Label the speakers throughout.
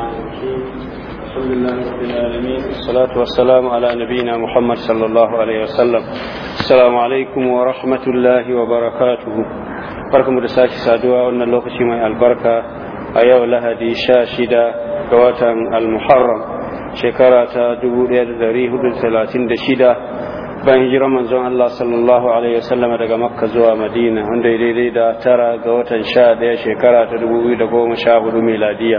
Speaker 1: الحمد
Speaker 2: لله رب العالمين والصلاة والسلام على نبينا محمد صلى الله عليه وسلم السلام عليكم ورحمة الله وبركاته barkamu da sake saduwa wannan lokaci mai albarka a yau lahadi sha shida ga watan al-muharram shekara ta 1436 bayan hijirar manzon Allah sallallahu alaihi wasallam daga makka zuwa madina wanda daidai da tara ga watan sha daya shekara ta 2014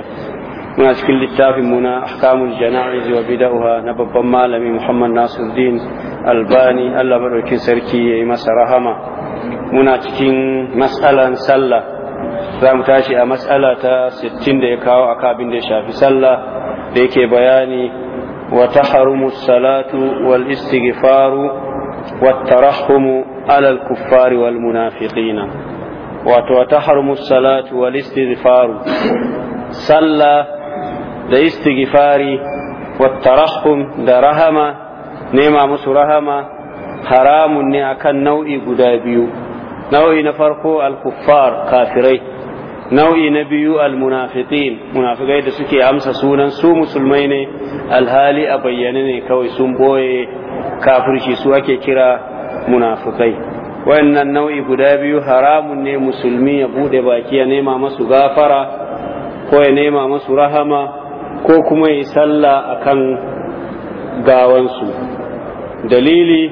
Speaker 2: muna cikin littafin mu na ahkamul jana'iz wa bid'aha na babban malami Muhammad Nasiruddin Albani Allah madaukin sarki yayi masa rahama muna cikin mas'alan sallah za mu tashi a mas'ala ta 60 da ya kawo aka abin da ya shafi sallah da yake bayani wa taharumu salatu wal istighfaru wat tarahhumu ala al kuffari wal munafiqina wato wa taharumu salatu wal istighfaru sallah da istighfari tarahum da rahama nema musu rahama haramun ne akan nau'i guda biyu nau'i na farko al-kuffar kafirai nau'i na biyu al-munafiqin munafiqai da suke amsa sunan su musulmai ne alhali a bayyane ne kawai sun boye kafirci su ake kira munafiqai wannan nau'i guda biyu haramun ne musulmi ya bude baki ya nema masu gafara ko ya nema masu rahama ko kuma yi sallah akan gawansu dalili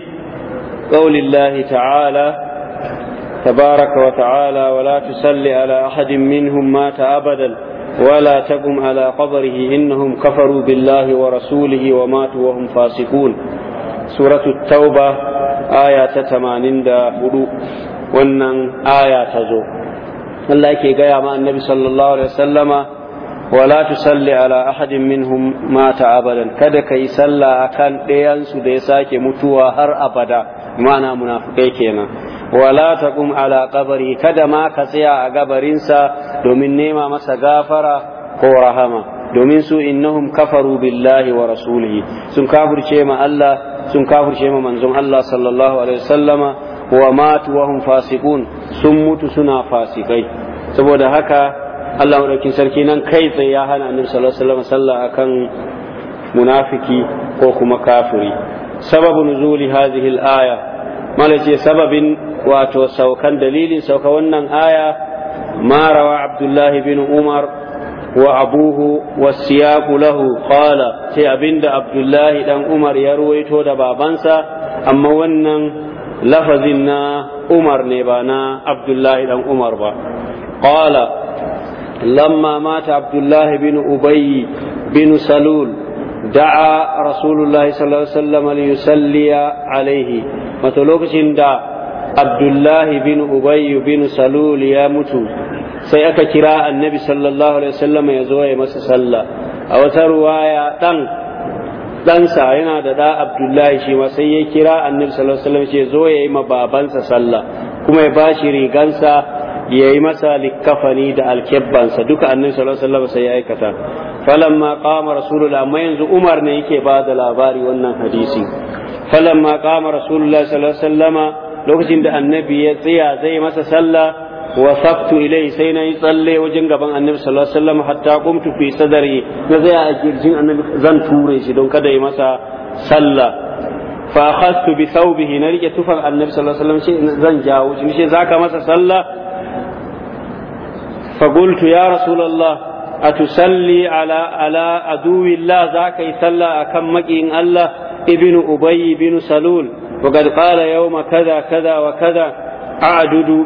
Speaker 2: qaulillahi ta'ala تبارك وتعالى ولا تسل على أحد منهم مات أبدا ولا تقم على قبره إنهم كفروا بالله ورسوله وماتوا وهم فاسقون سورة التوبة آية تمانين دا ونن آية تزو الله يكي قيام النبي صلى الله عليه وسلم Walatu salli ala ahadin minhum mata abadan kada ka yi sallah akan ɗayan su da ya sake mutuwa har abada mana munafikai kenan wala taqum ala qabri kada ma ka tsaya a gabarinsa domin nema masa gafara ko rahama domin su inna innahum kafaru billahi wa rasulihi sun kafirce ma manzon Allah sallallahu alaihi wasallama wa matu wa hum sun mutu suna fasikai saboda haka Allah madaukin sarki nan kai tsaye ya hana annabi sallallahu alaihi wasallam sallah akan munafiki ko kuma kafiri sababu nuzuli hadhihi al-aya malace sababin wato saukan dalilin sauka wannan aya ma rawa bin Umar wa abuhu wasiyaqu lahu qala sai abinda Abdullahi dan Umar ya ruwaito da babansa amma wannan lafazin na Umar ne ba na Abdullahi dan Umar ba qala لما مات عبد الله بن أبي بن سلول دعا رسول الله صلى الله عليه وسلم ليصلي عليه متلوكش دا عبد الله بن أبي بن سلول يا متو سيأك كراء النبي صلى الله عليه وسلم يزوي مسسلا أو تروايا تن ɗansa yana da ɗa abdullahi shi ma sai ya kira annabi sallallahu alaihi wasallam ce zo ya yi ma babansa sallah kuma ya bashi rigansa ya yi masa likafani da alkebbansa duka annin sallallahu sai ya aikata falamma qama rasulullah amma yanzu umar ne yake ba da labari wannan hadisi falamma qama rasulullah sallallahu lokacin da annabi ya tsaya zai masa sallah wa sabtu ilai sai na yi tsalle wajen gaban annabi sallallahu alaihi hatta qumtu fi sadari na tsaya a kirjin annabi zan ture shi don kada ya masa sallah fa akhadtu bi thawbihi na rike tufan annabi sallallahu alaihi wasallam zan jawo shi zaka masa sallah فقلت يا رسول الله أتسلي على على عدو الله ذاك يسلى أكمك إن الله ابن أبي بن سلول وقد قال يوم كذا كذا وكذا أعدد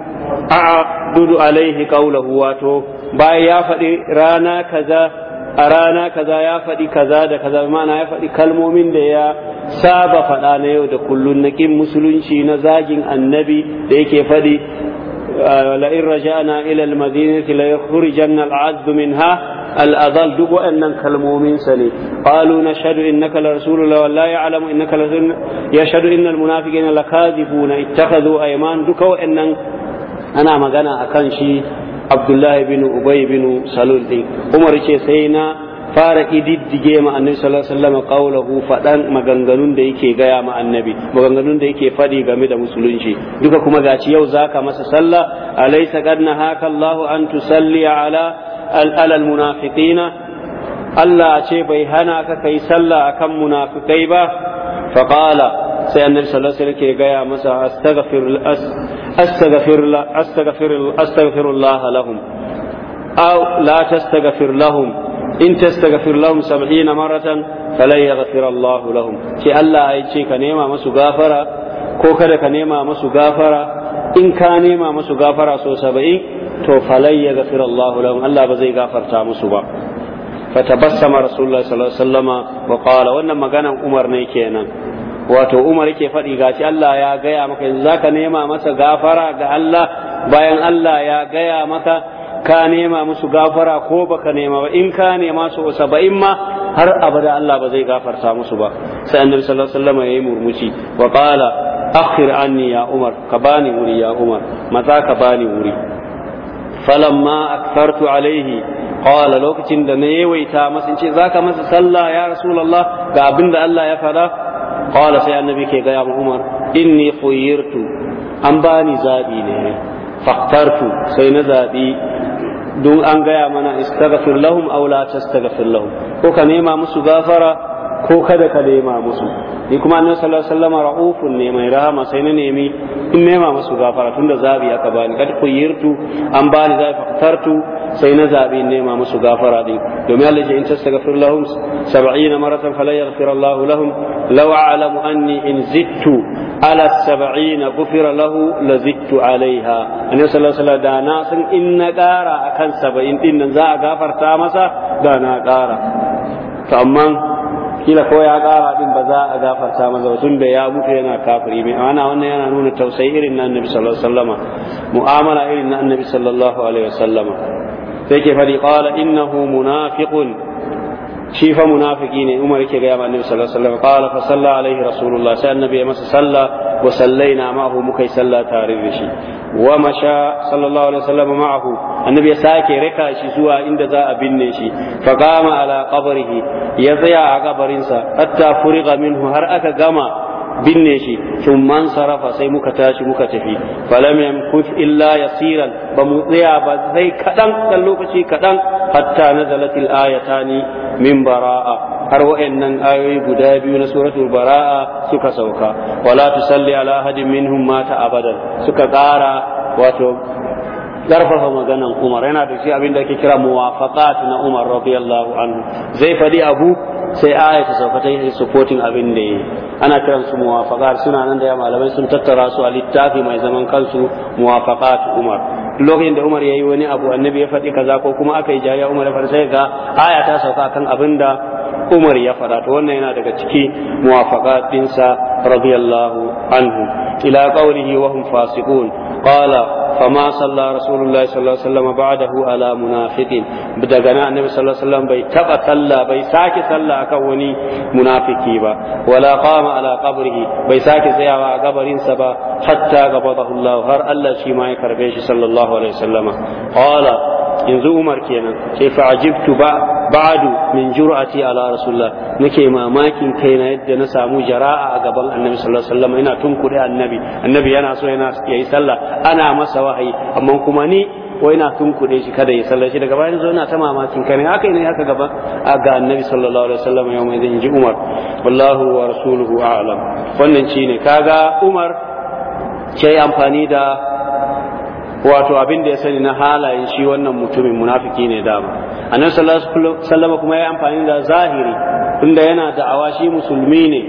Speaker 2: أعدد عليه قوله واتو باي يا فدي رانا كذا أرانا كذا يا فدي كذا ده كذا بمعنى يا فدي كالمؤمن ده يا saba faɗa na yau da kullun na ƙin musulunci na zagin annabi da yake faɗi la'in raja'na ila al-madinati la yukhrijanna al-'azz minha الأضل دب وأن كالمؤمن سلي قالوا نشهد إنك لرسول الله ولا يعلم إنك لرسول يشهد إن المنافقين لكاذبون اتخذوا أيمان دك وأن أنا مغانا أكنشي عبد الله بن أبي بن سلول دي عمر سينا fara ididdige ma annabi sallallahu alaihi wasallam qawluhu fadan maganganun da yake gaya ma annabi maganganun da yake fadi game da musulunci duka kuma gaci yau zaka masa sallah alaysa qad haka allahu an tusalli ala al munafiqina Allah a ce bai hana ka kai sallah akan munafikai ba faqala sai annabi sallallahu alaihi wasallam ke gaya masa astaghfir astaghfir astaghfir astaghfirullah lahum aw la tastaghfir lahum in tastaghfir lahum 70 maratan falan yaghfir Allahu lahum ce Allah ai ce ka nema masu gafara ko kada ka nema masu gafara in ka nema masu gafara so 70 to falan yaghfir Allahu lahum Allah ba zai gafarta musu ba fatabassama rasulullah sallallahu alaihi wasallam wa qala wannan maganan Umar ne kenan wato Umar yake faɗi gashi Allah ya gaya maka yanzu zaka nema masa gafara ga Allah bayan Allah ya gaya maka ka nema musu gafara ko baka nema ba in ka nema su saba'in ma har abada Allah ba zai gafarta musu ba sai annabi sallallahu alaihi wasallam yayi murmushi wa qala akhir anni ya umar ka bani wuri ya umar maza ka bani wuri falamma akthartu alaihi qala lokacin da na yawaita masa in ce zaka masa sallah ya rasulullah ga abinda Allah ya fada qala sai annabi ke ga ya umar inni khuyirtu an bani zabi ne faktartu sai na zaɓi don an gaya mana istaghfir lahum aw la tastaghfir lahum ko ka nema musu gafara ko kada ka nema musu ni kuma annabi sallallahu alaihi wasallam ra'ufun ne mai rahama sai na nemi in nema masu gafara tunda zabi aka bani kad kuyirtu an bani zabi faktartu sai na zabi in nema masu gafara din domin Allah ya in tastaghfir lahum 70 maratan fala yaghfir Allah lahum law a'lamu anni in zittu ala 70 ghufira lahu la zittu alaiha annabi sallallahu alaihi wasallam da na san in na kara akan 70 din nan za a gafarta masa da na kara to amma kila ko ya kara din ba za a gafarta maza ba tun ya mutu yana kafiri mai ana wannan yana nuna tausayi irin na annabi sallallahu alaihi wasallama mu'amala irin na annabi sallallahu alaihi wasallama sai ke fadi qala innahu munafiqun shi fa munafiki ne Umar yake ga Annabi sallallahu alaihi wasallam qala fa salla alaihi rasulullah sai annabi ya masa salla wa sallaina ma'ahu yi salla tare da shi wa masha sallallahu alaihi wasallam ma'ahu annabi ya sake raka shi zuwa inda za a binne shi fa qama ala qabrihi ya tsaya a kabarinsa hatta furiga minhu har aka gama binne shi tumman man sarafa sai muka tashi muka tafi falam yamkut illa yasiran ba mu tsaya ba sai kaɗan da lokaci kaɗan hatta nazalat al-ayatani min bara'a har wa'annan ayoyi guda biyu na suratul bara'a suka sauka wala tusalli ala ahadin minhum mata abadan suka ƙara wato ƙarfafa maganan Umar yana da shi abin da ake kira muwafaqat na Umar radiyallahu anhu zai faɗi abu sai aya ta sauka ta yi supporting abin da yi ana kiran su muwafaqat suna nan da ya malamai sun tattara su a littafi mai zaman kansu muwafaqat Umar lokacin da Umar ya yi wani abu annabi ya faɗi kaza ko kuma aka yi jariya Umar ya faɗi sai ga aya ta sauka kan abin da Umar ya faɗa to wannan yana daga ciki muwafaqat ɗinsa radiyallahu anhu ila qawlihi wa hum fasiqun قال فما صلى رسول الله صلى الله عليه وسلم بعده على منافق بدغنا النبي صلى الله عليه وسلم بي تبا صلى بي ساكي صلى اكوني منافقي با ولا قام على قبره بي ساكي سيا قبرين سبا حتى قبضه الله هر الله شي ما يكربيش صلى الله عليه وسلم قال yanzu Umar kenan sai fa ajibtu ba ba'du min jur'ati ala rasulullah nake mamakin kaina yadda na samu jara'a a gaban annabi sallallahu alaihi wasallam ina tunkure annabi annabi yana so yana yayi sallah ana masa wahayi amma kuma ni ko ina tunkuɗe shi kada ya sallashi daga bayan zo ina ta mamakin kai haka ne haka gaba a ga annabi sallallahu alaihi wasallam yau mai zan ji umar wallahu wa rasuluhu a'lam wannan shine kaga umar sai amfani da wato abin da ya sani na halayen shi wannan mutumin munafiki ne dama annabi sallallahu kuma ya amfani da zahiri tunda yana da shi musulmi ne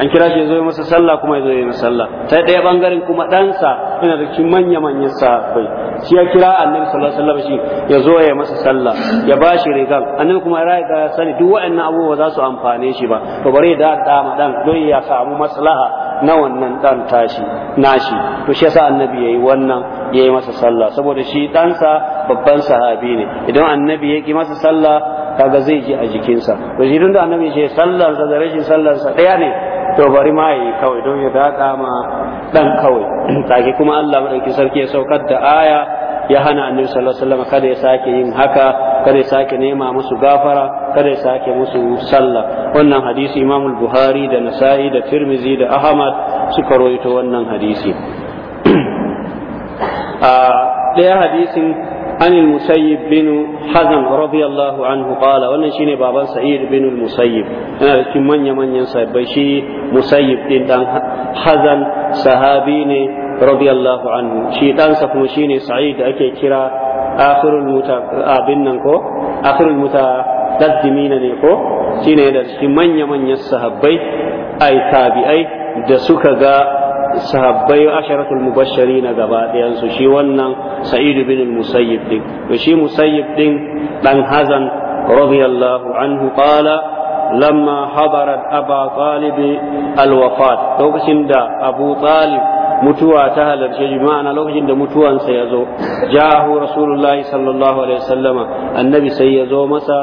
Speaker 2: an kira shi zo masa sallah kuma zo yi sallah ta ɗaya bangaren kuma ɗansa yana da cikin manya manyan sahabbai shi ya kira annabi sallallahu alaihi wasallam shi ya zo ya masa sallah ya ba shi rigan annabi kuma ya riga ya sani duk waɗannan abubuwa za su amfane shi ba to bari da dama dan don ya samu maslaha na wannan dan tashi nashi to shi yasa annabi yayi wannan yayi masa sallah saboda shi ɗansa babban sahabi ne idan annabi yake masa sallah kaga zai ji a jikinsa to shi da annabi ce sallar da rashin sa ɗaya ne to bari ma yi kawai don ya daɗa ma ɗan kawai take kuma Allah madauki sarki ya saukar da aya ya hana annabi sallallahu alaihi kada ya sake yin haka kada ya sake nema musu gafara kada ya sake musu sallah wannan hadisi Imam Buhari da Nasa'i da Tirmizi da Ahmad suka rawaito wannan hadisi a ɗaya hadisin عن المسيب بن حزم رضي الله عنه قال وانا شيني بابا سعيد بن المسيب انا كم من يمن ينسى بشي مسيب بن حزم صحابي radiyallahu anhu shi ɗansa kuma shine sa'id da ake kira akhirul muta abin nan ko akhirul mutaqaddimina ne ko shine da cikin manya manyan sahabbai ai tabi'ai da suka ga sahabbai asharatul mubashshari na gaba ɗayansu shi wannan sa'idu bin musayyib din to shi musayyib din dan hazan radiyallahu anhu kala lamma habarat aba talib alwafat lokacin da abu talib mutuwa ta halarce shi ma'ana lokacin da mutuwansa ya zo jahu rasulullahi sallallahu alaihi wasallama annabi sai ya zo masa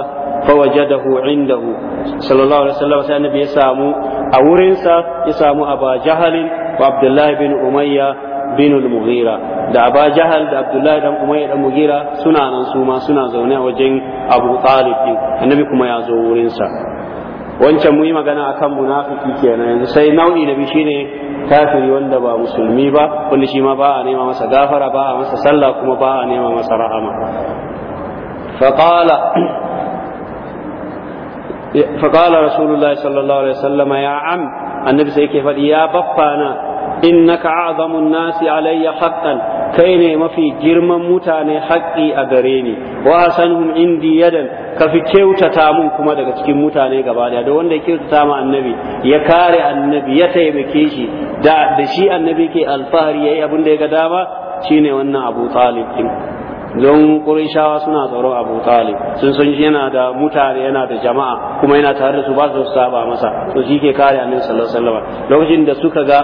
Speaker 2: fawajadahu indahu sallallahu alaihi wasallama sai annabi ya samu a wurinsa ya samu aba jahalin wa abdullahi bin umayya bin al-mughira da aba jahal da abdullahi dan umayya dan mughira suna nan su ma suna zaune a wajen abu talib annabi kuma ya zo wurinsa wancan mu yi magana a akan munafiki kenan yanzu sai nau'i na biyu shine kafiri wanda ba musulmi ba wanda shi ma ba a nema masa gafara ba a masa sallah kuma ba a nema masa rahama فقال فقال رسول الله صلى الله عليه وسلم يا عم النبي سيكي فقال يا بفانا إنك أعظم الناس علي حقا kai ne mafi girman mutane haƙƙi a gare ni wa hasanhum indi yadan ka fi kyautata mun kuma daga cikin mutane gaba daya da wanda ya kyautata ma annabi ya kare annabi ya taimake shi da da shi annabi ke alfahari yayi abin da ya ga dama shine wannan Abu Talib din don Qurayshawa suna tsaro Abu Talib sun san yana da mutane yana da jama'a kuma yana tare da su ba su saba masa to shi ke kare annabi sallallahu alaihi wasallam lokacin da suka ga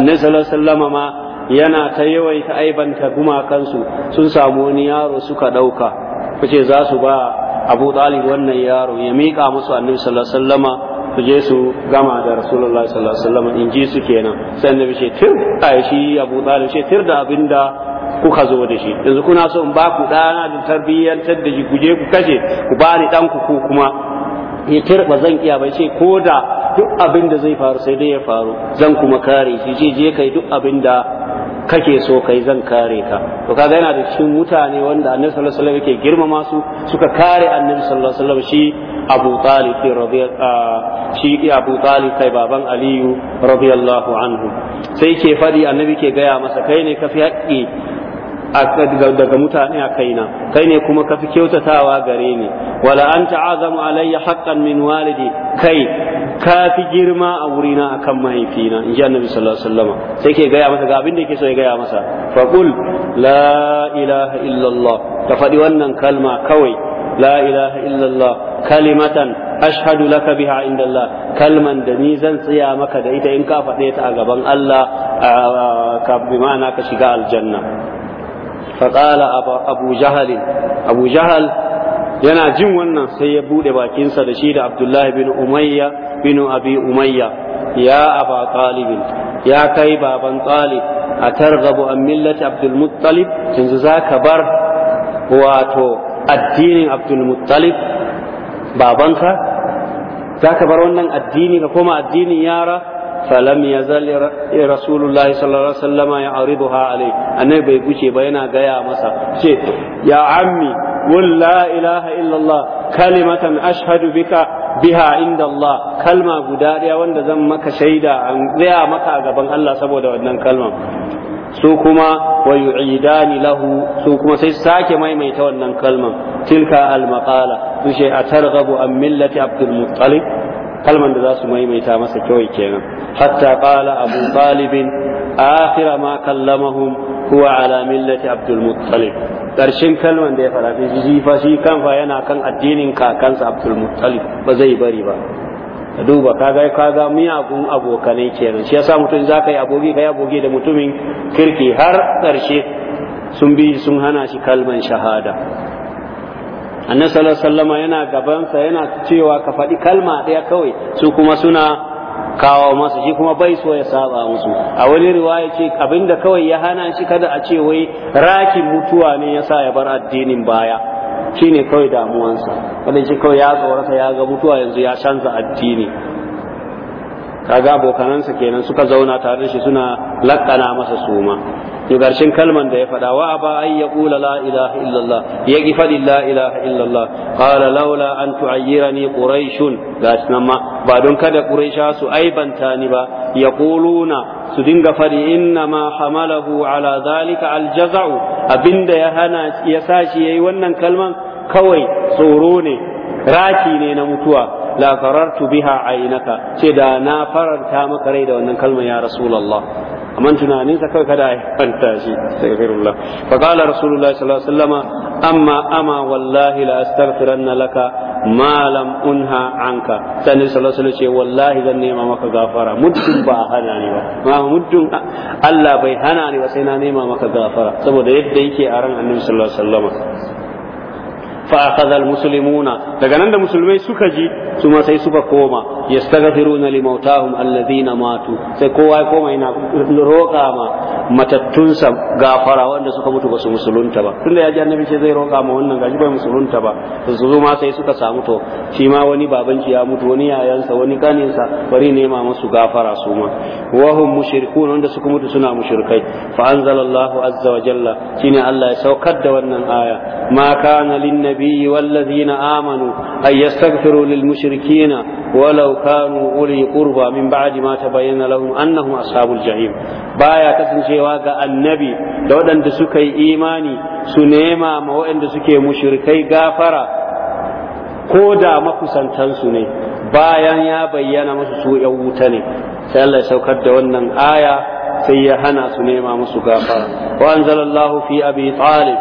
Speaker 2: annabi sallallahu alaihi wasallam ma yana ta yawaita aibanta gumakansu sun samu wani yaro suka ɗauka kuce za su ba abu talib wannan yaro ya miƙa musu annabi sallallahu alaihi wasallama su je su gama da rasulullah sallallahu alaihi wasallam in ji su kenan sai annabi ce tir da shi abu talib ce tir da abinda kuka zo da shi yanzu kuna so in ba ku dana da tarbiyyantar da shi ku je ku kashe ku ba ni dan ku ko kuma ya tir ba zan iya bai ce ko da duk abin da zai faru sai dai ya faru zan kuma kare shi ce je kai duk abin da kake so kai zan kare ka to kaga yana da cikin mutane wanda annabi sallallahu alaihi wasallam yake girmama su suka kare annabi sallallahu alaihi wasallam shi Abu Talib shi Abu Talib kai baban Aliyu radiyallahu anhu sai ke fadi annabi ke gaya masa kai ne kafi haƙƙi daga mutane a kaina kai ne kuma kafi kyautatawa gare ni wala anta azamu alayya haqqan min walidi kai kafi girma a wurina akan mahaifina in ji annabi sallallahu alaihi wasallam sai ke gaya masa ga abin da yake so ya gaya masa fa qul la ilaha illallah ka faɗi wannan kalma kawai la ilaha illallah kalimatan ashhadu laka biha inda Allah kalman da ni zan tsaya maka da ita in ka faɗe ta a gaban Allah ka bi ma'ana ka shiga aljanna فقال abu جهل abu جهل yana jin wannan sai ya bude bakinsa da shi da Abdullahi bin Umayya bin Abi Umayya ya aba talibin ya kai baban talib a targabu an millati Abdul Muttalib yanzu ka bar wato addinin Abdul Muttalib babanka ka bar wannan addini ka koma addinin yara falam ya zali rasulullahi sallallahu alaihi wasallam ya ariduha alai annai bai guce ba yana gaya masa ce ya ammi qul la ilaha illallah kalimatan ashhadu bika biha inda Allah kalma guda ɗaya wanda zan maka shaida an tsaya maka a gaban Allah saboda wannan kalman su kuma wa yu'idani lahu su kuma sai sake maimaita wannan kalman tilka al maqala su ce atarghabu a millati abdul muttalib kalman da za su maimaita masa kyau kenan hatta qala abu talib akhira ma kallamahum huwa ala millati abdul muttalib karshen kalman da ya fara shi fa shi kan fa yana kan addinin kakansa abdul muttalib ba zai bari ba duba kaga kaga miyagun abokanai kenan shi yasa mutum zaka yi abogi kai abogi da mutumin kirki har karshe sun bi sun hana shi kalman shahada annabi sallallahu alaihi wasallam yana gabansa yana cewa ka faɗi kalma ɗaya kawai su kuma suna kawo masu shi kuma bai so ya saba musu a wani riwaya ce abinda kawai ya hana shi kada a ce wai rakin mutuwa ne yasa ya bar addinin baya shine kawai damuwansa wannan shi kawai ya tsorata ya ga mutuwa yanzu ya canza addini kaga abokanansa kenan suka zauna tare da shi suna lakkana masa suma to garshen kalman da ya faɗa wa ba ay yaqula la ilaha illallah ya ki faɗi la ilaha illallah qala laula an tu'ayyirani quraish gashi ma ba don kada quraisha su aibanta ni ba yaquluna su dinga faɗi inna ma hamalahu ala zalika aljaza'u abinda ya hana ya sashi yayi wannan kalman kawai tsoro ne raki ne na mutuwa la farartu biha ainaka ce da na faranta maka rai da wannan kalmar ya rasulullah amma tunanin sa kawai kada ya fanta shi astaghfirullah fa qala rasulullah sallallahu alaihi wasallam amma ama wallahi la astaghfiranna laka ma lam unha anka sani sallallahu alaihi ce wallahi zan nema maka gafara muddin ba hana ni ba ma muddin Allah bai hana ni ba sai na nema maka gafara saboda yadda yake a ran annabi sallallahu alaihi wasallam fa akhadha al muslimuna daga nan da musulmai suka ji su ma sai suka koma yastaghfiruna li mautahum alladhina matu sai kowa ya koma yana roƙa ma matattunsa gafara wanda suka mutu ba su musulunta ba tunda ya ji annabi ce zai roƙa ma wannan gashi bai musulunta ba to ma sai suka samu to shi ma wani babanki ya mutu wani yayansa wani kaninsa bari nema musu gafara su ma wa hum wanda suka mutu suna mushrikai fa anzalallahu azza wa jalla shine Allah ya saukar da wannan aya ma na lin النبي والذين آمنوا أن يستغفروا للمشركين ولو كانوا أولي قربى من بعد ما تبين لهم أنهم أصحاب الجحيم بايا كسنشي واقع النبي لو أن دسكي إيماني سنيما ما هو أن دسكي مشركي غافرة كودا مكسنتنسو ne bayan ya bayyana masu su ‘yan wuta ne sai Allah ya saukar da wannan aya sai ya hana su nema musu gafara wa anzalallahu fi abi talib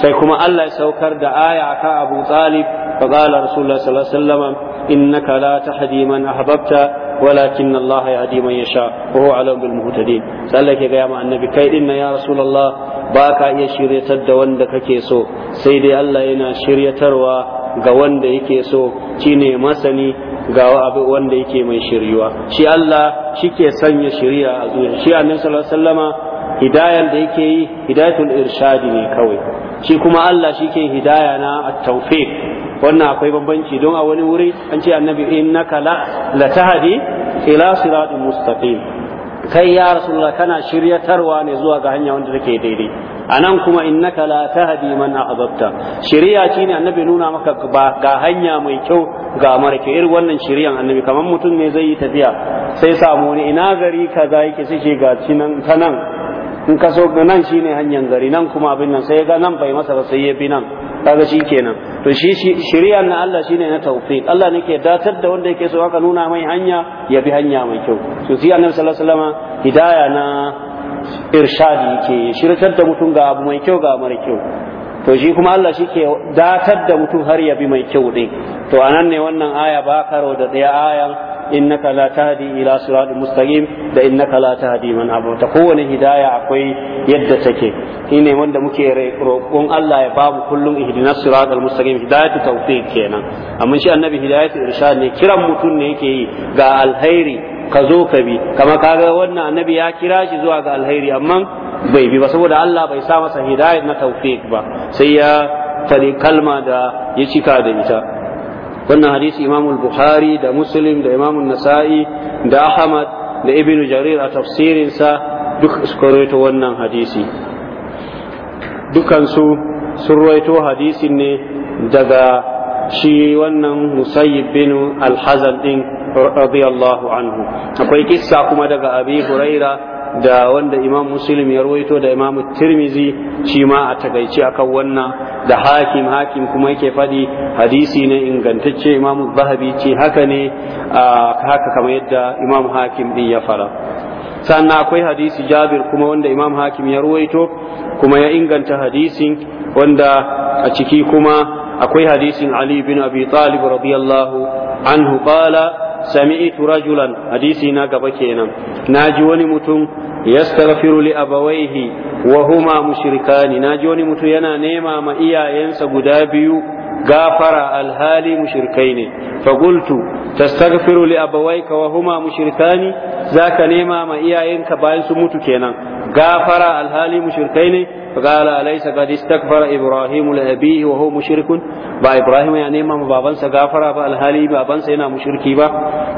Speaker 2: sai kuma Allah ya saukar da aya ka Abu Talib fa qala Rasulullah sallallahu alaihi wasallam innaka la tahdi man ahbabta walakin Allah yahdi man yasha wa huwa alim bil muhtadin sai Allah ke ga ma annabi kai din ya Rasulullah ba ka iya shiryatar da wanda kake so sai dai Allah yana shiryatarwa ga wanda yake so shine masani ga abu wanda yake mai shiryuwa shi Allah shike sanya shiriya a zuciya shi annabi sallallahu alaihi wasallama hidayar da yake yi hidayatul irshadi ne kawai shi kuma Allah shi ke hidaya na at-tawfiq wannan akwai bambanci don a wani wuri an ce annabi innaka la la tahdi ila siratin mustaqim kai ya rasulullah kana shiryatarwa ne zuwa ga hanya wanda take daidai anan kuma innaka la tahdi man ahbabta shiriya shine annabi nuna maka ba ga hanya mai kyau ga mara kyau irin wannan shiriyan annabi kamar mutum ne zai yi tafiya sai samu wani ina gari kaza yake sai ga nan ta nan in ka so nan shine hanyar gari nan kuma abin nan sai ga nan bai masa ba sai ya bi nan kaga shi kenan to shi shari'ar na Allah shine na tawfiq Allah ne ke datar da wanda yake so haka nuna mai hanya ya bi hanya mai kyau to sai annabi sallallahu alaihi wasallam hidaya na irshadi yake shirkar da mutum ga abu mai kyau ga mara kyau to shi kuma Allah shi ke datar da mutum har ya bi mai kyau din to anan ne wannan aya ba karo da ɗaya ayan innaka la tahdi ila siratin mustaqim da innaka la tahdi man ta kowane hidaya akwai yadda take shine wanda muke roƙon Allah ya babu kullum ihdina siratal mustaqim hidayatu tawfiq kenan amma shi annabi hidayatu irshad ne kiran mutum ne yake yi ga alhairi ka zo ka bi kama kaga wannan annabi ya kira shi zuwa ga alhairi amma bai bi ba saboda Allah bai sa masa hidayat na tawfiq ba sai ya fari kalma da ya cika da ita wannan hadisi imam bukhari da muslim da imamu nasa'i da ahmad da ibn jarir a tafsirinsa duk suka rawaito wannan hadisi dukansu sun rawaito hadisin ne daga shi wannan musayyib bin ɗin din radiyallahu anhu akwai kissa kuma daga abi hurairah da wanda imam muslim ya rawaito da imam tirmizi shi ma a takaici kan wannan da hakim hakim kuma yake faɗi hadisi ne ingantacce imam zahabi ce haka ne haka kamar yadda imam hakim din ya fara sannan akwai hadisi jabir kuma wanda imam hakim ya ruwaito kuma ya inganta hadisin wanda a ciki kuma akwai hadisin ali bin abi talib radiyallahu anhu qala sami'tu rajulan hadisi na gaba kenan naji wani mutum yastaghfiru li abawaihi wa huma mushrikani naji wani mutum yana nema ma iyayensa guda biyu gafara alhali mushrikai ne fa qultu tastaghfiru li abawayka wa huma mushrikani zaka nema ma iyayenka bayan su mutu kenan gafara alhali mushrikai ne فقال أليس قد استكبر إبراهيم لأبيه وهو مشرك با إبراهيم يعني ما بابا سغافر با الهالي بابا سينا مشركي با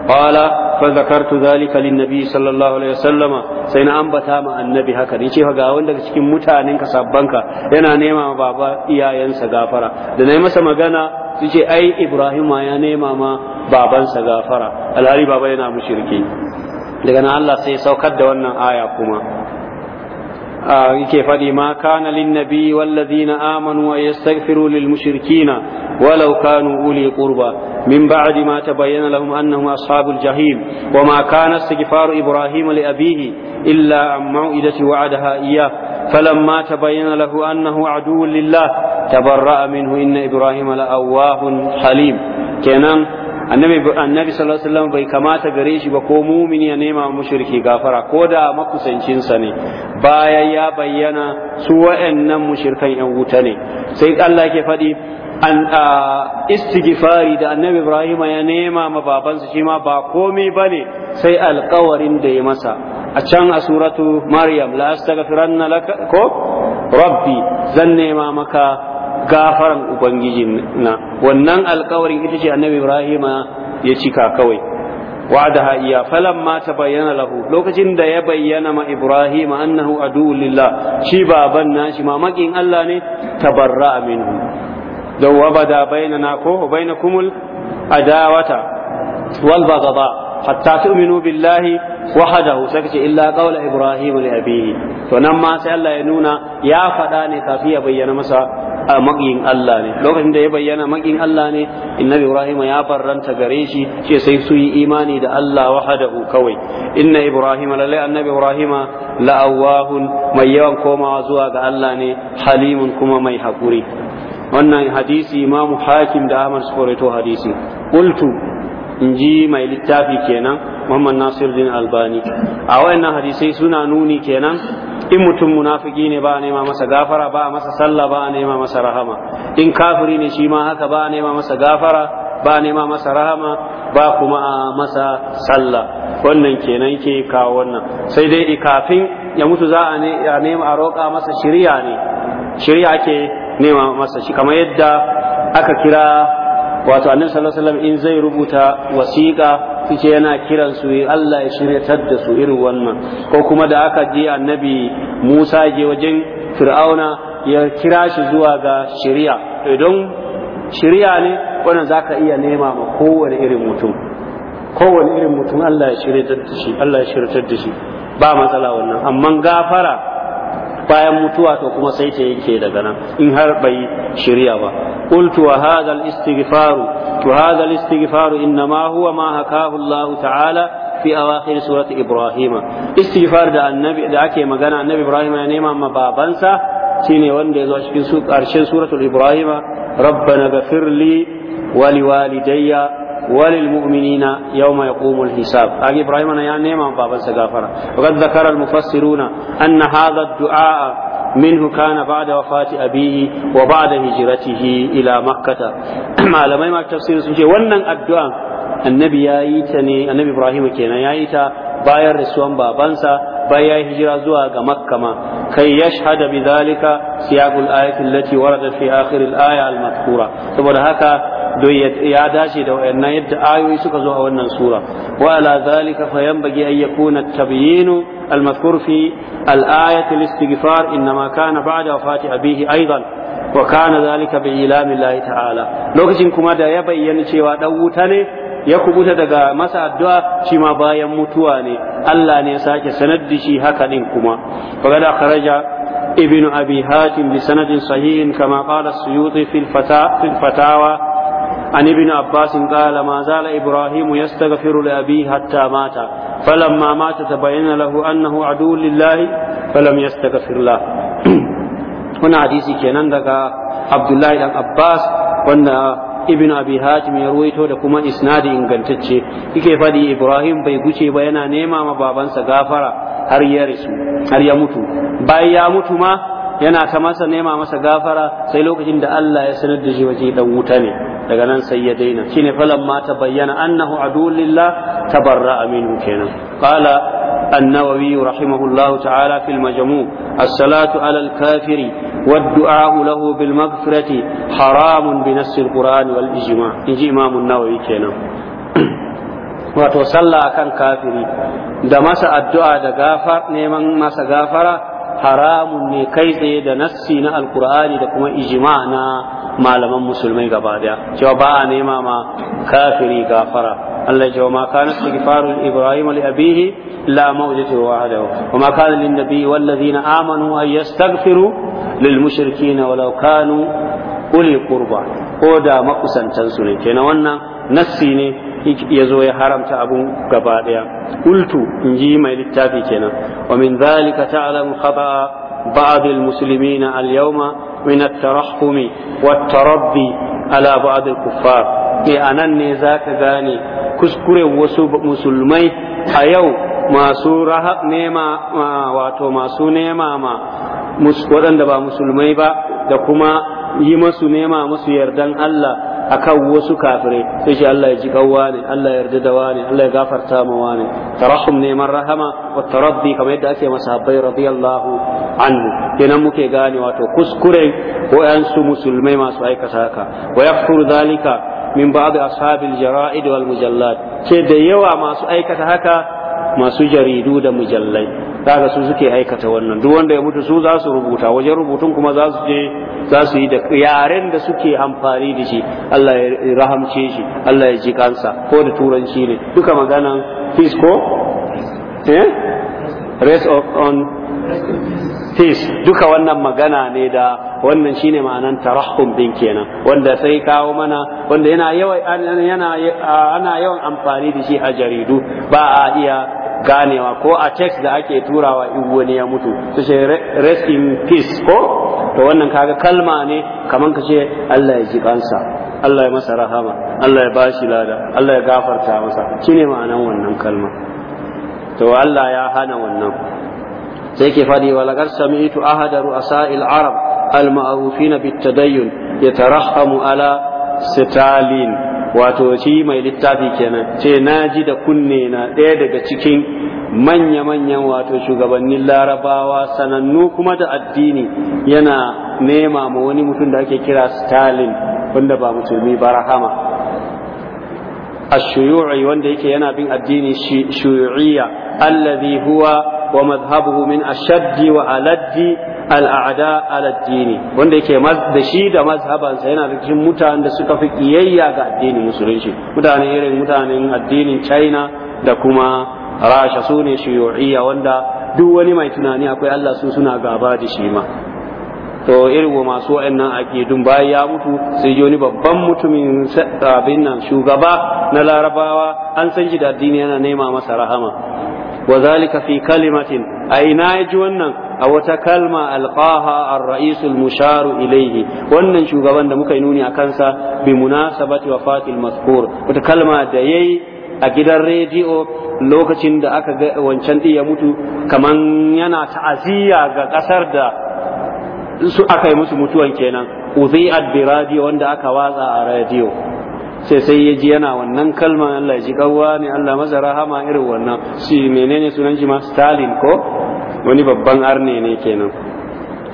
Speaker 2: قال فذكرت ذلك للنبي صلى الله عليه وسلم سينا أنبتا مع النبي هكذا يشي فقا وندك سكين متانين كسبانك ينا نيما بابا إيا ينسى غافرا لنيما سمغانا su ce ai ibrahim ya nema ma babansa gafara alhari baba yana mushriki daga nan Allah sai saukar da wannan aya kuma yake faɗi ma kana linnabi wallazina amanu wa yastaghfiru lil mushrikina walau kanu uli qurba min ba'di ma tabayyana lahum annahum ashabul jahim wa ma kana istighfaru ibrahim li abihi illa an mau'idati wa'adaha iyyah فلما تبين له أنه lillah لله تبرأ منه ibrahim la لأواه halim kenan. annabi annabi sallallahu alaihi bai kamata gare shi ba ko mumini ya nema mushriki gafara ko da makusancin sa ne baya ya bayyana su wa'annan mushrikan yan wuta ne sai Allah yake faɗi an istighfari da annabi Ibrahim ya nema ma babansa shi ma ba komai bane sai alƙawarin da ya masa a can a suratu Maryam la astaghfiranna laka ko rabbi zan nema maka gafaran ubangiji na wannan alkawarin ita ce annabi ibrahima ya cika kawai wa'adaha iya falan ma ta bayyana lahu lokacin da ya bayyana ma ibrahim annahu adu lillah shi baban nashi mamakin Allah ne tabarra minhu da wabada bainana ko bainakumul adawata wal baghdha hatta tu'minu billahi wahadahu sai kace illa qawla ibrahim li abihi to nan ma sai Allah ya nuna ya faɗa ne kafi ya bayyana masa maƙiyin Allah ne lokacin da ya bayyana maƙiyin Allah ne innabi Ibrahim ya farranta gare shi ce sai su yi imani da Allah wahadahu kawai inna Ibrahim lallai annabi Ibrahim la'awahun mai yawan komawa zuwa ga Allah ne halimun kuma mai haƙuri wannan hadisi imamu hakim da Ahmad Sukoreto hadisi qultu inji mai littafi kenan Muhammad Nasiruddin Albani a wayannan hadisai suna nuni kenan in mutum munafiki ne ba a nema masa gafara ba a masa sallah ba a nema masa rahama in kafiri ne shi ma haka ba a nema masa gafara ba a nema masa rahama ba kuma a masa sallah wannan kenan ke kawo wannan sai dai kafin ya mutu za a nema a roƙa masa shirya ne shirya ke nema masa shi kamar yadda aka kira wato annabi sallallahu alaihi wasallam in zai rubuta wasiƙa fice yana kiran su Allah ya shiryatar da su irin wannan ko kuma da aka je annabi Musa je wajen Fir'auna ya kira shi zuwa ga shari'a idan shari'a ne wannan zaka iya nema ma kowane irin mutum kowane irin mutum Allah ya shiryatar da shi Allah ya shiryatar da shi ba matsala wannan amma gafara bayan mutuwa to kuma sai ta yanke daga nan in har bai shirya ba qultu wa hadha al istighfaru to hadha al istighfaru innama huwa ma hakahu Allah ta'ala fi awakhir surati ibrahim istighfar da annabi da ake magana annabi ibrahim ya nema ma babansa shine wanda ya zo cikin su karshen suratul ibrahim rabbana ghafirli wa liwalidayya وللمؤمنين يوم يقوم الحساب اگے إبراهيم أنا یہاں يعني ما بابا سقافرة وقد ذكر المفسرون أن هذا الدعاء منه كان بعد وفاة أبيه وبعد هجرته إلى مكة ما لما ما تفسير سنجي ونن الدعاء النبي يايتني النبي إبراهيم كينا يايتا باير رسوان بابانسا bayan ya hijira zuwa ga makka ma kai ya shahada siyaqul ayati allati waradat fi akhir al aya al saboda haka don ya dace da wayannan yadda ayoyi suka zo a wannan sura wa ala zalika fa yanbaghi an yakuna at-tabyin al-madhkur fi al-ayati al-istighfar inma kana ba'da wafati abihi aidan wa kana zalika bi ilami Allah ta'ala lokacin kuma da ya bayyana cewa dan wuta ne ya kubuta daga masa addu'a shi ma bayan mutuwa ne Allah ne ya sake sanar da shi haka din kuma faqad kharaja ابن أبي bi sanadin sahihin كما قال السيوطي في, الفتاة في الفتاوى عن ابن عباس قال ما زال إبراهيم يستغفر لأبيه حتى مات فلما مات تبين له أنه عدو لله فلم يستغفر له هنا حديثي كان عندك عبد الله بن عباس وأن ابن أبي hatim ya ruwaito da kuma isnadi ingantacce yake fadi ibrahim bai guce ba yana nema ma babansa gafara har ya risu har yana ta masa nema masa gafara sai lokacin da Allah ya sanar da shi waje dan wuta ne daga nan sai ya daina shine ne falon mata bayyana annahu aduwun lillah ta barra aminu kenan kala annawawi rahimahullah ta'ala fil majmu as-salatu kafiri wa ad-du'a'u lahu haramun bi nas al-qur'an wal ijma kenan wato sallah kan kafiri da masa addu'a da neman masa gafara haramun ne kai tsaye da nassi na alkur'ani da kuma ijma na malaman musulmai gaba daya cewa ba a nema ma kafiri gafara Allah cewa ma kana istighfaru ibrahim li abihi la mawjatu wahdahu wa ma kana lin nabiy wal ladina amanu an yastaghfiru lil mushrikeena walau kanu uli qurba ko da makusantansu ne kenan wannan nassi ne ya zo ya haramta abun gaba daya ultu in ji mai littafi kenan wa min zalika ta'lamu khaba بعض المسلمين اليوم tarabbi ala ba'd al kuffar ke anan ne zaka gane kuskure wasu musulmai a yau masu nema wato masu nema ma waɗanda ba musulmai ba da kuma yi masu nema musu yardan Allah akan wasu kafirai sai shi Allah ya ji kawwa ne Allah ya yarda da wani Allah ya gafarta ma wani tarahum neman rahama wa taraddi kamar yadda ake masahabbai radiyallahu anhu kenan muke gane wato kuskuren wayansu musulmai masu aikata haka wa yakfuru zalika min ba'd ashabil jara'id wal mujallat ce da yawa masu aikata haka masu jaridu da mujallai kaga su suke aikata wannan duk wanda ya mutu su za su rubuta wajen rubutun kuma za su je za su yi da yaren da suke amfani da shi Allah ya rahamce shi Allah ya ji kansa ko da turanci ne duka maganan peace ko eh rest on peace duka wannan magana ne da wannan shine ma'anan tarahum din kenan wanda sai kawo mana wanda yana yawan yawan amfani da shi a jaridu ba a iya ganewa ko a text da ake turawa in wani ya mutu su ce rest in peace ko to wannan kaga kalma ne kaman ka Allah ya ji kansa Allah ya masa rahama Allah ya bashi lada Allah ya gafarta masa shine ma'anan wannan kalma to Allah ya hana wannan sai ke fadi wala laqad sami'tu ahada ru'asa'il arab al ma'rufina bit-tadayyun yatarahamu ala sitalin wato shi mai littafi kenan ce na ji da kunne na ɗaya daga cikin manya-manyan wato shugabannin larabawa sanannu kuma da addini yana nema ma wani mutum da ake kira stalin wanda ba musulmi ba rahama A shuyu'i wanda yake yana bin addini shuyu'iyya الذي هو ومذهبه من أشد وألد الأعداء على الدين wanda yake da shi da mazhabansa yana da cikin mutanen da suka fi kiyayya ga addinin musulunci mutane irin mutanen addinin China da kuma Rasha sune ne wanda duk wani mai tunani akwai Allah su suna gaba da shi ma to irin wa masu wa'annan aƙidun bayan ya mutu sai yi wani babban mutumin sabbin nan shugaba na larabawa an san shi da addini yana nema masa rahama wa zalika kalimatin a ina ya wannan a wata kalma alqaha a raisul musharu ilaihi wannan shugaban da muka yi nuni a kansa bi munasabati wafatil mazkur wata kalma da yayi a gidan rediyo lokacin da aka ga wancan ya mutu kaman yana ta'aziyya ga kasar da su aka yi musu mutuwan kenan uzi'at bi radio wanda aka watsa a radio sai sai ya ji yana wannan kalma Allah ji kawwa ne Allah maza rahama irin wannan shi menene sunan shi ma Stalin ko wani babban arne ne kenan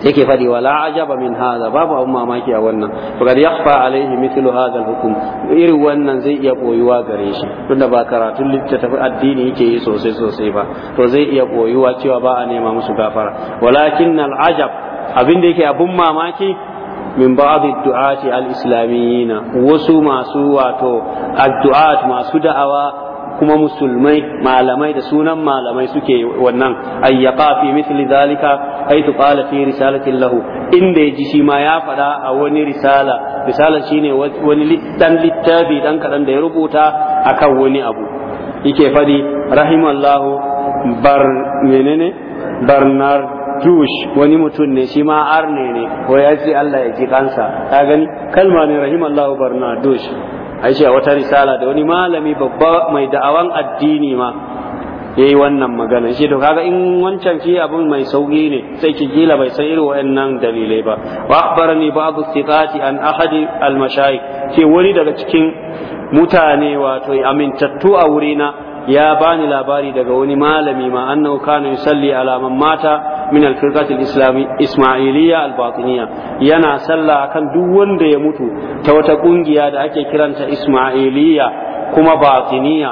Speaker 2: yake fadi wala ajaba min hada babu abun mamaki a wannan to kad yakhfa alaihi mithlu hada irin wannan zai iya koyuwa gare shi tunda ba karatun littattafin addini yake yi sosai sosai ba to zai iya koyuwa cewa ba a nema musu gafara walakin al-ajab abin da yake abun mamaki min ba'd ad-du'ati al-islamiyyin wasu masu wato ad-du'at masu da'awa kuma musulmai malamai da sunan malamai suke wannan ayyaka fi mithli zalika haythu qala fi risalatin lahu inda yaji shi ma ya fada a wani risala risala shine wani dan littafi dan kadan da ya rubuta akan wani abu yake fadi rahimallahu bar menene barnard Jush wani mutum ne shi ma arne ne ko ya ce Allah ya ji kansa ta gani kalma ne rahim Allah Barnadush ai shi a wata risala da wani malami babba mai da'awan addini ma yayi wannan magana shi to kaga in wancan shi abun mai sauki ne sai ki gila bai san irin wa'annan dalilai ba wa akhbarani ba'du thiqati an ahadi al mashayikh ce wani daga cikin mutane wato amintattu a wurina ya bani labari daga wani malami ma annahu kana yusalli ala man mata min al-firqatil islami ismailiyya al-batiniyya yana sallah kan duk wanda ya mutu ta wata kungiya da ake kiranta ismailiyya kuma batiniyya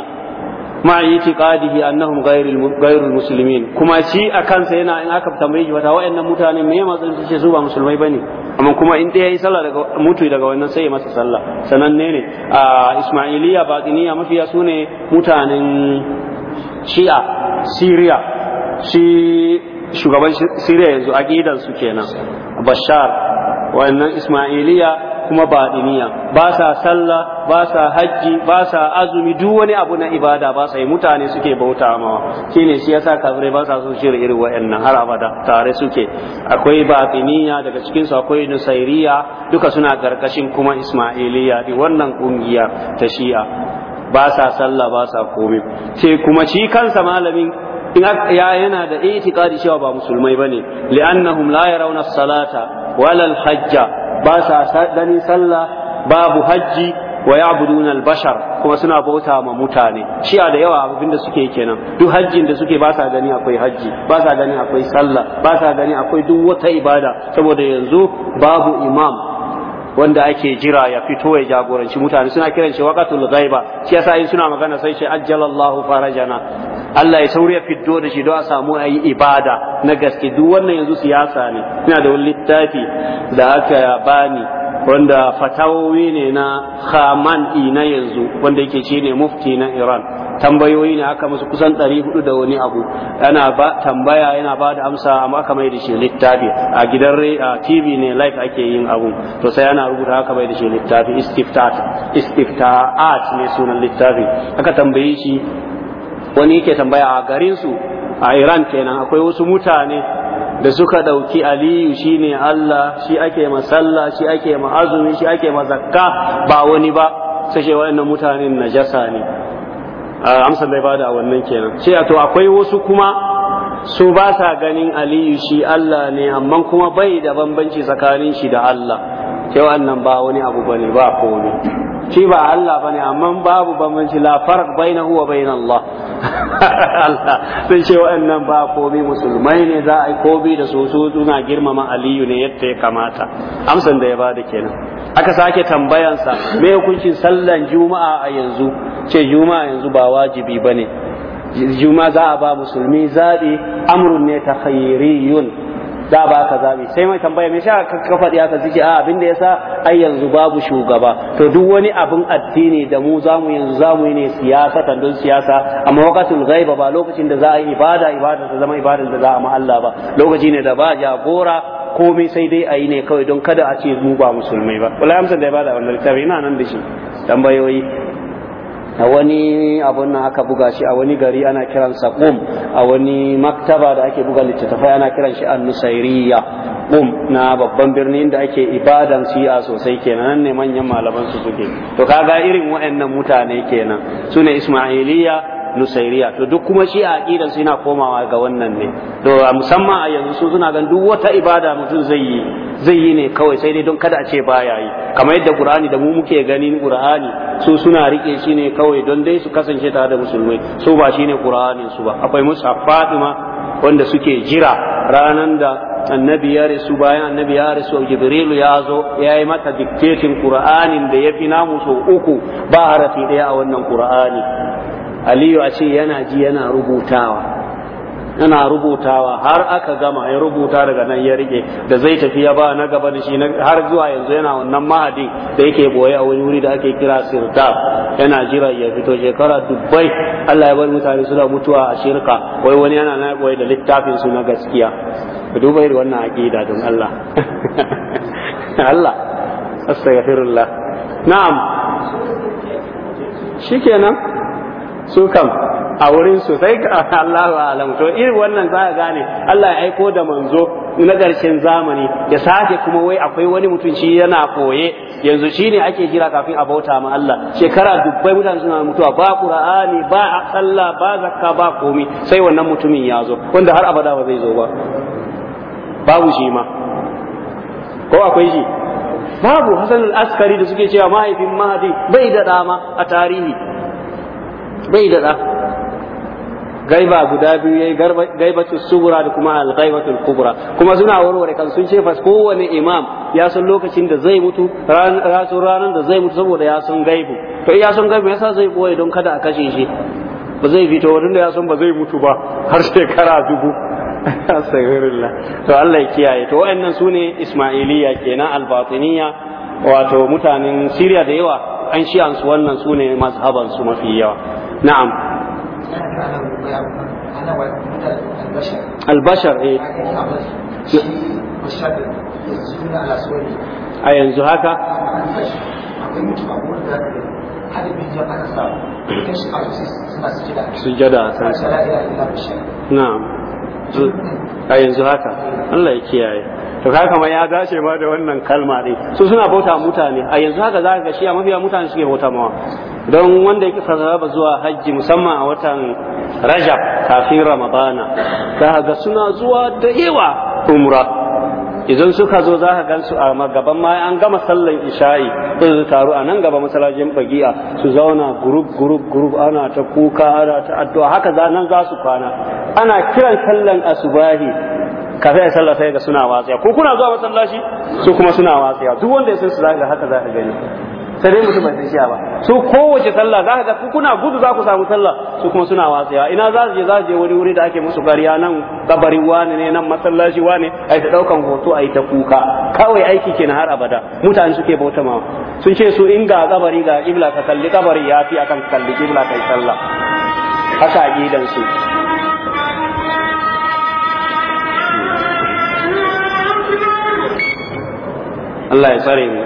Speaker 2: ma itiqadihi annahum ghayrul ghayrul muslimin kuma shi a kansa yana in aka tambaye shi wata wayannan mutane me matsayin su su ba musulmai bane amma kuma in ɗaya yi sallah daga mutu daga wannan sai ya masa sallah a ismailiyya batiniya mafiya su ne mutanen shi'a siriya shi shugaban Siriya yanzu aqidan su kenan Bashar wannan Ismailiya kuma baɗiniya ba sa sallah ba sa hajji ba sa azumi duk wani abu na ibada ba sa mutane suke bauta mawa shine shi yasa kafire ba sa so shirya irin wayannan har abada tare suke akwai baɗiniya daga cikin su akwai nusairiya duka suna karkashin kuma ismailiya di wannan kungiya ta shi'a ba sa sallah ba sa komai sai kuma shi kansa malamin in ya yana da itiqadi cewa ba musulmai bane li'annahum la yarawna as-salata wala al-hajja ba sa sallah babu hajji wa ya'buduna al-bashar kuma suna bauta ma mutane a da yawa abinda suke kenan duk hajjin da suke ba sa gani akwai hajji ba sa gani akwai sallah ba sa gani akwai duk wata ibada saboda yanzu babu imam wanda ake jira ya fito ya jagoranci mutane suna kiran shi waqatul ghaiba shi yasa in suna magana sai shi ajjalallahu farajana Allah ya sauri ya fito da shi don a samu ayi ibada na gaske duk wannan yanzu siyasa ne ina da wani littafi da aka bani wanda fatawowi ne na Khaman na yanzu wanda yake shi ne mufti na Iran tambayoyi ne aka musu kusan ɗari hudu da wani abu yana ba tambaya yana ba da amsa amma aka mai da shi littafi a gidan a tv ne live ake yin abu to sai yana rubuta aka mai da shi littafi istiftat istifta'at ne sunan littafi aka tambaye shi wani yake tambaya a garin su a iran kenan akwai wasu mutane da suka ɗauki aliyu shine allah shi ake ma Sallah shi ake ma azumi shi ake ma zakka ba wani ba sai shi wa'annan mutanen najasa ne amsar da bada a wannan kenan ce to akwai wasu kuma su ba sa ganin aliyu shi Allah ne amma kuma bai da bambanci tsakanin shi da Allah ce wannan ba wani abu bane ba komai shi ba Allah bane amma babu bambanci la farq baina huwa baina Allah Allah sun ce wa'annan ba komai musulmai ne za a yi kobi da su su suna girmama Aliyu ne yadda ya kamata amsan da ya ba da kenan aka sake tambayansa me hukuncin sallan juma'a a yanzu ce juma'a yanzu ba wajibi bane juma'a za a ba musulmi zaɓi amrun ne ta khairiyun za ba ka zabi sai mai tambaya me sha ka faɗi haka suke a abin da yasa ai yanzu babu shugaba to duk wani abin addini da mu zamu yanzu zamu yi ne siyasa don siyasa amma waqatul ghaiba ba lokacin da za a yi ibada ibada ta zama ibada da za a ma Allah ba lokaci ne da ba jagora komai sai dai a yi ne kawai don kada a ce mu ba musulmai ba wallahi amsa da ya bada wannan littafi ina nan da shi tambayoyi a wani abun nan aka buga shi a wani gari ana kiransa sa qum a wani maktaba da ake buga littattafai ana kiran shi an nusairiya qum na babban birnin da ake ibadan siya sosai kenan nan ne manyan malaman su suke to kaga irin waɗannan mutane kenan sune Isma'iliya. nusairiya to duk kuma shi a aqidan su yana komawa ga wannan ne to musamman a yanzu su suna gan duk wata ibada mutum zai yi zai yi ne kawai sai dai don kada a ce baya yi kamar yadda qur'ani da mu muke ganin qur'ani su suna rike shi ne kawai don dai su kasance tare da musulmai su ba shine qur'anin su ba akwai musa fatima wanda suke jira ranan da annabi ya rasu bayan annabi ya rasu jibrilu ya zo ya yi mata diktetin qur'anin da ya fi namu so uku ba harafi daya a wannan qur'ani aliyu a ce yana ji yana rubutawa yana rubutawa har aka gama ya rubuta daga nan ya rike da zai tafi ya ba na gaba da shi har zuwa yanzu yana wannan mahadin da yake boye a wani wuri da ake kira sirta yana jira ya fito shekara dubbai Allah ya bar mutane suna mutuwa a shirka wai wani yana na boye da littafin su na gaskiya ku duba irin wannan aqida don Allah Allah astaghfirullah na'am shikenan su kam a wurin su sai Allahu alam to irin wannan za ka gane Allah ya aiko da manzo na ƙarshen zamani ya sake kuma wai akwai wani mutum shi yana koye yanzu shi ake jira kafin a bauta ma Allah shekara dubbai mutane suna mutuwa ba qur'ani ba sallah ba zakka ba komi sai wannan mutumin ya zo wanda har abada ba zai zo ba babu shi ma ko akwai shi babu hasan al-askari da suke cewa mahaifin mahadi bai da dama a tarihi bai da gaiba guda biyu yayi gaibatu sugura da kuma al-ghaibatu kubra kuma suna warware kan sun ce fas kowane imam ya san lokacin da zai mutu rasu ranar da zai mutu saboda ya san gaibu to ya san gaibu yasa zai boye don kada a kashe shi ba zai fito wurin da ya san ba zai mutu ba har shekara dubu
Speaker 1: astaghfirullah
Speaker 2: to Allah ya kiyaye to wayannan sune ismailiya kenan al-batiniya wato mutanen Syria da yawa an shi an su wannan sune mazhaban su mafi yawa na'am a yanzu haka a yanzu haka Allah ya kiyaye to ka kama ya dace ma da wannan kalma ne. su suna bauta mutane a yanzu haka za ka ga shi a mafiya mutane suke bauta mawa don wanda yake raba zuwa hajji musamman a watan rajab kafin ramadana za ka ga suna zuwa da yawa umra idan suka zo za ka gansu a magaban ma an gama sallan isha'i sai su taru a nan gaba masallacin bagi'a su zauna gurub gurub gurub ana ta kuka ana ta addu'a haka za nan za su kwana ana kiran sallan asubahi kafin ai sallah sai ga suna watsiya, ko kuna zuwa masallaci su kuma suna watsiya. duk wanda ya san su zaka haka zaka gani sai dai mutum bai san shiya ba su kowace sallah za ka ga kuna gudu za ku samu sallah su kuma suna watsiya. ina za su je za su je wani wuri da ake musu gariya nan kabari wani ne nan masallaci wani ai ta daukan hoto ai ta kuka kawai aiki kenan har abada mutane suke bauta ma sun ce su in ga kabari ga ibla ka kalli kabari yafi akan kalli ibla kai sallah haka aqidan su Allah ya tsare mu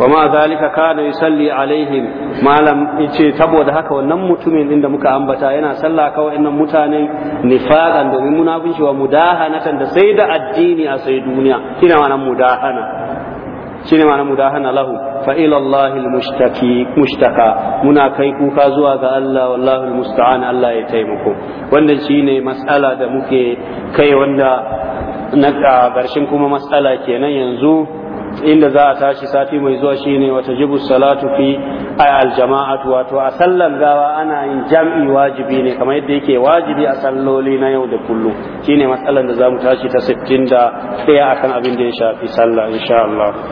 Speaker 2: wa ma zalika kana yusalli alaihim malam yace saboda haka wannan mutumin din da muka ambata yana sallah kawai wa'annan mutanen nifaqan domin munafinci wa mudahanatan da sai da addini a sai duniya kina wannan mudahana shine mana mudahana lahu fa ila Allah mushtaki mushtaka muna kai kuka zuwa ga Allah wallahu almusta'an Allah ya taimako wannan shine mas'ala da muke kai wanda na ƙarshen kuma matsala kenan yanzu inda za a tashi sati mai zuwa shine wata jibu salatu fi al jama'atu wato a sallan gawa ana yin jam'i wajibi ne kamar yadda yake wajibi a salloli na yau da kullum shine matsalan da za mu tashi ta ɗaya akan abin da ya shafi sallah insha Allah